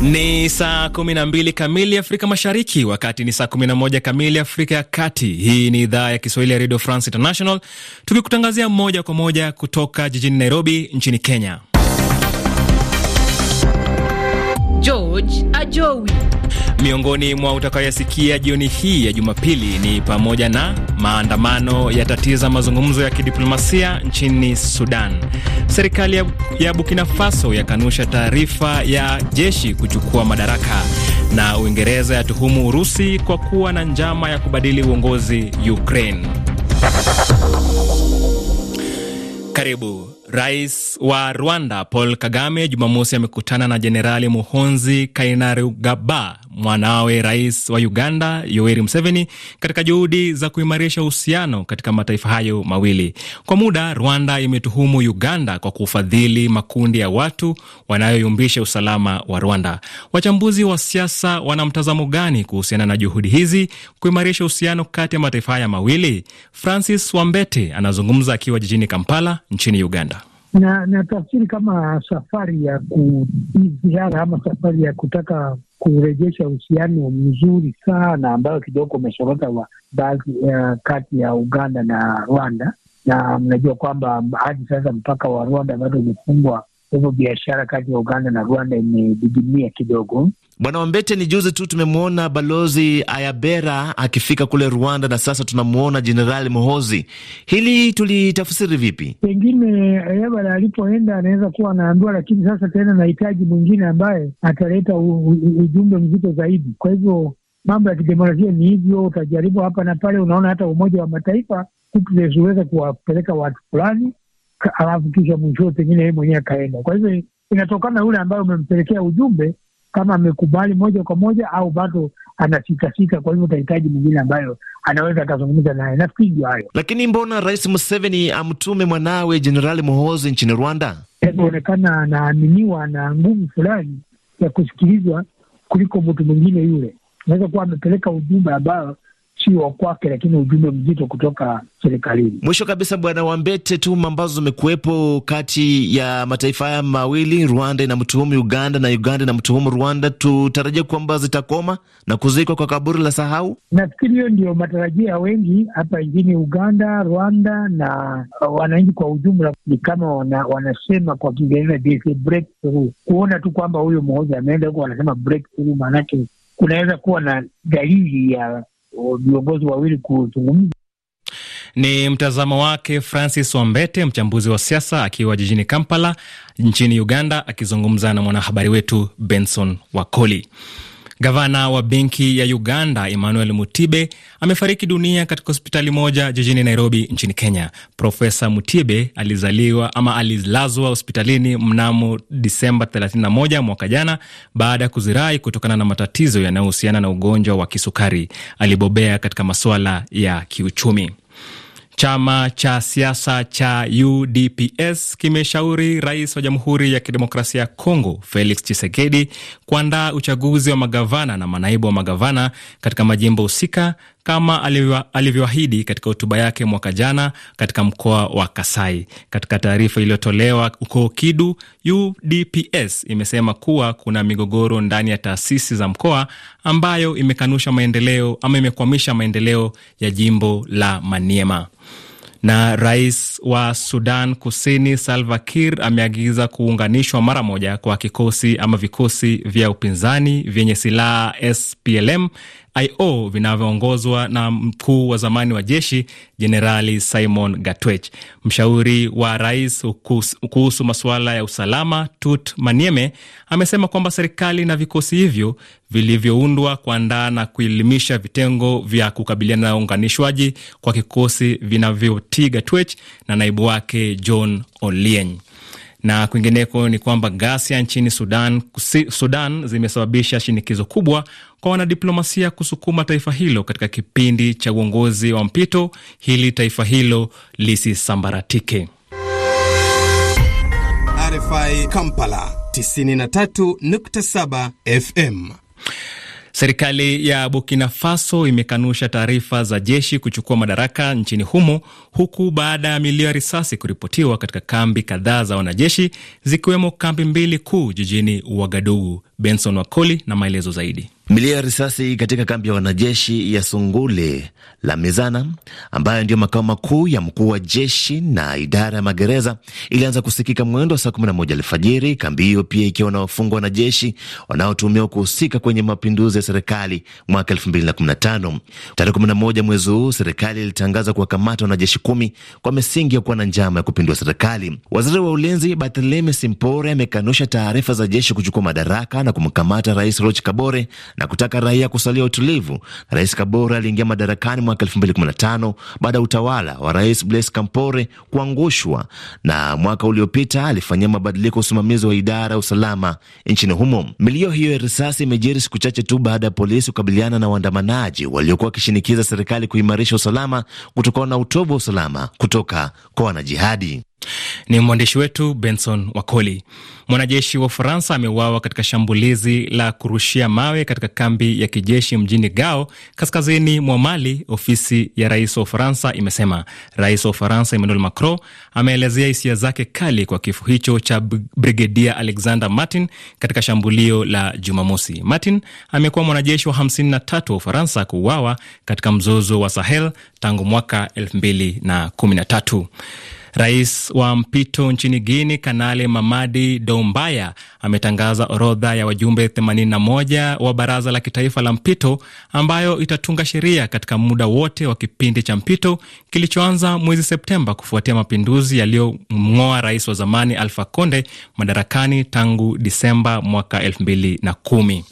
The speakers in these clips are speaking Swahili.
Ni saa 12 kamili Afrika Mashariki, wakati ni saa 11 kamili Afrika ya Kati. Hii ni idhaa ya Kiswahili ya Radio France International, tukikutangazia moja kwa moja kutoka jijini Nairobi nchini Kenya. George Ajowi Miongoni mwa utakayoyasikia jioni hii ya Jumapili ni pamoja na maandamano yatatiza mazungumzo ya kidiplomasia nchini Sudan, serikali ya, ya Burkina Faso yakanusha taarifa ya jeshi kuchukua madaraka, na Uingereza yatuhumu Urusi kwa kuwa na njama ya kubadili uongozi Ukraine. Karibu. Rais wa Rwanda Paul Kagame Jumamosi amekutana na Jenerali Muhonzi kainarugaba mwanawe rais wa Uganda Yoweri Museveni katika juhudi za kuimarisha uhusiano katika mataifa hayo mawili. Kwa muda, Rwanda imetuhumu Uganda kwa kufadhili makundi ya watu wanayoyumbisha usalama wa Rwanda. Wachambuzi wa siasa wana mtazamo gani kuhusiana na juhudi hizi kuimarisha uhusiano kati ya mataifa haya mawili? Francis Wambete anazungumza akiwa jijini Kampala nchini Uganda. Na, na tafsiri kama safari ya kuziara ama safari ya kutaka kurejesha uhusiano mzuri sana ambayo kidogo umeshorota wa baadhi uh, kati ya Uganda na Rwanda, na mnajua kwamba hadi sasa mpaka wa Rwanda bado umefungwa, hivyo biashara kati ya Uganda na Rwanda imedidimia kidogo. Bwana Wambete, ni juzi tu tumemwona Balozi Ayabera akifika kule Rwanda na sasa tunamwona Jenerali Mohozi. Hili tulitafsiri vipi? Pengine Ayabara alipoenda anaweza kuwa anaambiwa, lakini sasa tena anahitaji mwingine ambaye ataleta ujumbe mzito zaidi. Kwa hivyo mambo ya kidemokrasia ni hivyo, utajaribu hapa na pale. Unaona hata Umoja wa Mataifa huweza kuwapeleka watu fulani, alafu kisha mwishowe pengine yeye mwenyewe akaenda. Kwa hivyo inatokana na yule ambaye umempelekea ujumbe kama amekubali moja kwa moja au bado anasikasika. Kwa hivyo utahitaji mwingine ambayo anaweza akazungumza naye, nafikiri ndio hayo. Lakini mbona Rais Museveni amtume mwanawe Jenerali mohozi nchini Rwanda? Inaonekana anaaminiwa na nguvu fulani ya kusikilizwa kuliko mtu mwingine yule. Unaweza kuwa amepeleka ujumbe ambayo kuachiwa kwake, lakini ujumbe mzito kutoka serikalini. Mwisho kabisa, Bwana Wambete, tuhuma ambazo zimekuwepo kati ya mataifa haya mawili, Rwanda inamtuhumu Uganda na Uganda inamtuhumu Rwanda, tutarajia kwamba zitakoma na kuzikwa kwa kaburi la sahau? Nafikiri hiyo ndio matarajio ya wengi hapa nchini Uganda, Rwanda na wananchi kwa ujumla. Ni kama wana, wanasema kwa Kiingereza breakthrough, kuona tu kwamba huyo mmoja ameenda huko, wanasema breakthrough, maanake kunaweza kuwa na dalili ya viongozi wawili kuzungumza. Ni mtazamo wake Francis Wambete, mchambuzi wa siasa akiwa jijini Kampala nchini Uganda, akizungumza na mwanahabari wetu Benson Wakoli. Gavana wa benki ya Uganda Emmanuel Mutibe amefariki dunia katika hospitali moja jijini Nairobi nchini Kenya. Profesa Mutibe alizaliwa ama alilazwa hospitalini mnamo Disemba 31 mwaka jana baada ya kuzirai kutokana na matatizo yanayohusiana na ugonjwa wa kisukari. Alibobea katika masuala ya kiuchumi. Chama cha siasa cha UDPS kimeshauri rais wa Jamhuri ya Kidemokrasia ya Kongo Felix Tshisekedi kuandaa uchaguzi wa magavana na manaibu wa magavana katika majimbo husika kama alivyoahidi katika hotuba yake mwaka jana katika mkoa wa Kasai. Katika taarifa iliyotolewa huko Kidu, UDPS imesema kuwa kuna migogoro ndani ya taasisi za mkoa ambayo imekanusha maendeleo ama imekwamisha maendeleo ya jimbo la Maniema na rais wa Sudan Kusini Salva ameagiza kuunganishwa mara moja kwa kikosi ama vikosi vya upinzani vyenye silaha SPLM IO vinavyoongozwa na mkuu wa zamani wa jeshi Jenerali Simon Gatwech. Mshauri wa rais kuhusu masuala ya usalama Tut Manieme amesema kwamba serikali na vikosi hivyo vilivyoundwa kuandaa na kuelimisha vitengo vya kukabiliana na unganishwaji kwa kikosi vinavyotii Gatwech na naibu wake John Olieny. Na kwingineko ni kwamba ghasia nchini Sudan, Sudan zimesababisha shinikizo kubwa kwa wanadiplomasia kusukuma taifa hilo katika kipindi cha uongozi wa mpito ili taifa hilo lisisambaratike. RFI Kampala 93.7 FM. Serikali ya Burkina Faso imekanusha taarifa za jeshi kuchukua madaraka nchini humo, huku baada ya milio ya risasi kuripotiwa katika kambi kadhaa za wanajeshi, zikiwemo kambi mbili kuu jijini Uagadugu. Benson Wakoli na maelezo zaidi. Milio ya risasi katika kambi ya wanajeshi ya Sungule la Mizana, ambayo ndiyo makao makuu ya mkuu wa jeshi na idara ya magereza, ilianza kusikika mwendo wa saa 11 alfajiri, kambi hiyo pia ikiwa na wafungwa wanajeshi wanaotumiwa kuhusika kwenye mapinduzi ya serikali mwaka 2015. Tarehe 11 mwezi huu, serikali ilitangaza kuwakamata wanajeshi kumi kwa misingi ya kuwa na njama ya kupindua serikali. Waziri wa ulinzi Bartlemi Simpore amekanusha taarifa za jeshi kuchukua madaraka na kumkamata Rais Roch Kabore na kutaka raia kusalia utulivu. Rais Kabore aliingia madarakani mwaka 2015 baada ya utawala wa Rais Blaise Kampore kuangushwa, na mwaka uliopita alifanyia mabadiliko ya usimamizi wa idara ya usalama nchini humo. Milio hiyo ya risasi imejiri siku chache tu baada ya polisi kukabiliana na waandamanaji waliokuwa wakishinikiza serikali kuimarisha usalama kutokana na utovu wa usalama kutoka kwa wanajihadi. Ni mwandishi wetu Benson Wakoli. Mwanajeshi wa Ufaransa ameuawa katika shambulizi la kurushia mawe katika kambi ya kijeshi mjini Gao, kaskazini mwa Mali. Ofisi ya rais wa Ufaransa imesema rais wa Ufaransa Emmanuel Macron ameelezea hisia zake kali kwa kifo hicho cha Brigedia Alexander Martin katika shambulio la Jumamosi. Martin amekuwa mwanajeshi wa 53 wa Ufaransa kuuawa katika mzozo wa Sahel tangu mwaka 2013. Rais wa mpito nchini Guini, Kanale Mamadi Doumbaya, ametangaza orodha ya wajumbe 81 wa baraza la kitaifa la mpito ambayo itatunga sheria katika muda wote wa kipindi cha mpito kilichoanza mwezi Septemba kufuatia mapinduzi yaliyomng'oa rais wa zamani Alfa Konde madarakani tangu Disemba mwaka 2010.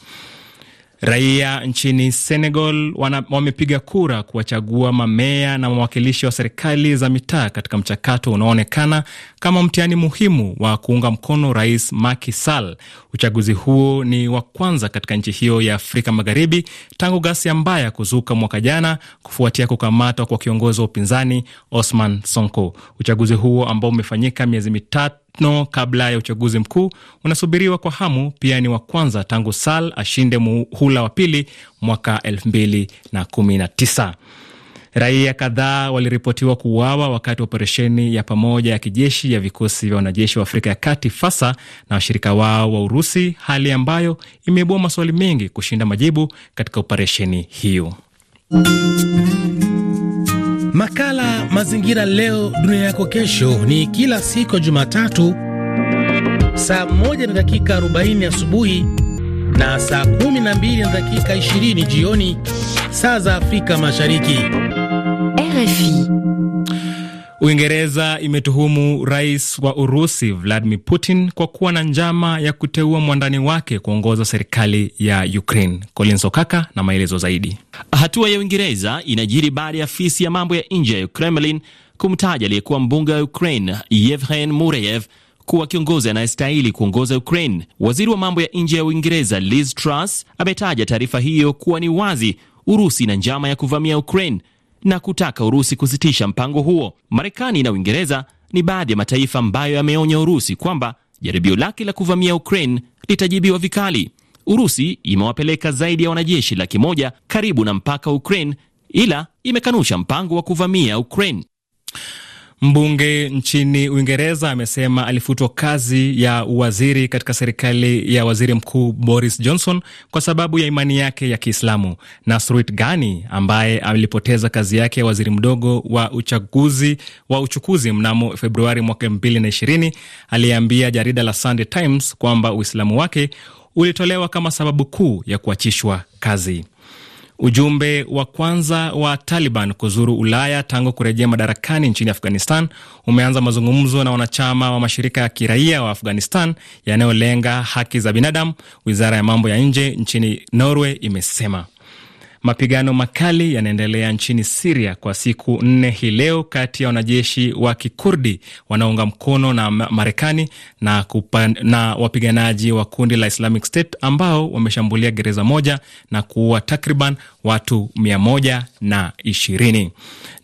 Raia nchini Senegal wamepiga kura kuwachagua mameya na mawakilishi wa serikali za mitaa katika mchakato unaoonekana kama mtihani muhimu wa kuunga mkono Rais Macky Sall. Uchaguzi huo ni wa kwanza katika nchi hiyo ya Afrika Magharibi tangu ghasia mbaya kuzuka mwaka jana kufuatia kukamatwa kwa kiongozi wa upinzani Osman Sonko. Uchaguzi huo ambao umefanyika miezi mitatu tano kabla ya uchaguzi mkuu unasubiriwa kwa hamu, pia ni wa kwanza tangu sal ashinde muhula wa pili mwaka 219 Raia kadhaa waliripotiwa kuuawa wakati wa operesheni ya pamoja ya kijeshi ya vikosi vya wanajeshi wa Afrika ya Kati fasa na washirika wao wa Urusi, hali ambayo imeibua maswali mengi kushinda majibu katika operesheni hiyo. Makala Mazingira Leo Dunia Yako Kesho ni kila siku ya Jumatatu saa moja na dakika 40 asubuhi na saa 12 na dakika 20 jioni saa za Afrika Mashariki. RFI Uingereza imetuhumu rais wa Urusi Vladimir Putin kwa kuwa na njama ya kuteua mwandani wake kuongoza serikali ya Ukraine. Colin Sokaka na maelezo zaidi. Hatua ya Uingereza inajiri baada ya afisi ya mambo ya nje ya Kremlin kumtaja aliyekuwa mbunge wa Ukraine Yevhen Mureyev kuwa kiongozi anayestahili kuongoza Ukraine. Waziri wa mambo ya nje ya Uingereza Liz Truss ametaja taarifa hiyo kuwa ni wazi Urusi na njama ya kuvamia Ukraine na kutaka Urusi kusitisha mpango huo. Marekani na Uingereza ni baadhi ya mataifa ambayo yameonya Urusi kwamba jaribio lake la kuvamia Ukraine litajibiwa vikali. Urusi imewapeleka zaidi ya wanajeshi laki moja karibu na mpaka wa Ukraine, ila imekanusha mpango wa kuvamia Ukraine. Mbunge nchini Uingereza amesema alifutwa kazi ya uwaziri katika serikali ya waziri mkuu Boris Johnson kwa sababu ya imani yake ya Kiislamu. Nasrit Ghani ambaye alipoteza kazi yake ya waziri mdogo wa uchaguzi wa uchukuzi mnamo Februari mwaka 2020 aliyeambia jarida la Sunday Times kwamba Uislamu wake ulitolewa kama sababu kuu ya kuachishwa kazi. Ujumbe wa kwanza wa Taliban kuzuru Ulaya tangu kurejea madarakani nchini Afghanistan umeanza mazungumzo na wanachama wa mashirika ya kiraia wa Afghanistan yanayolenga haki za binadamu, wizara ya mambo ya nje nchini Norway imesema. Mapigano makali yanaendelea nchini Siria kwa siku nne hii leo kati ya wanajeshi wa kikurdi wanaunga mkono na Marekani na, na wapiganaji wa kundi la Islamic State ambao wameshambulia gereza moja na kuua takriban watu mia moja na ishirini.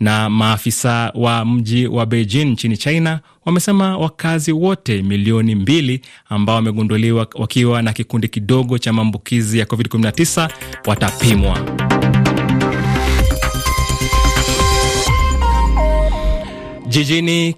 Na maafisa wa mji wa Beijing nchini China wamesema wakazi wote milioni mbili ambao wamegunduliwa wakiwa na kikundi kidogo cha maambukizi ya COVID-19 watapimwa. Jijini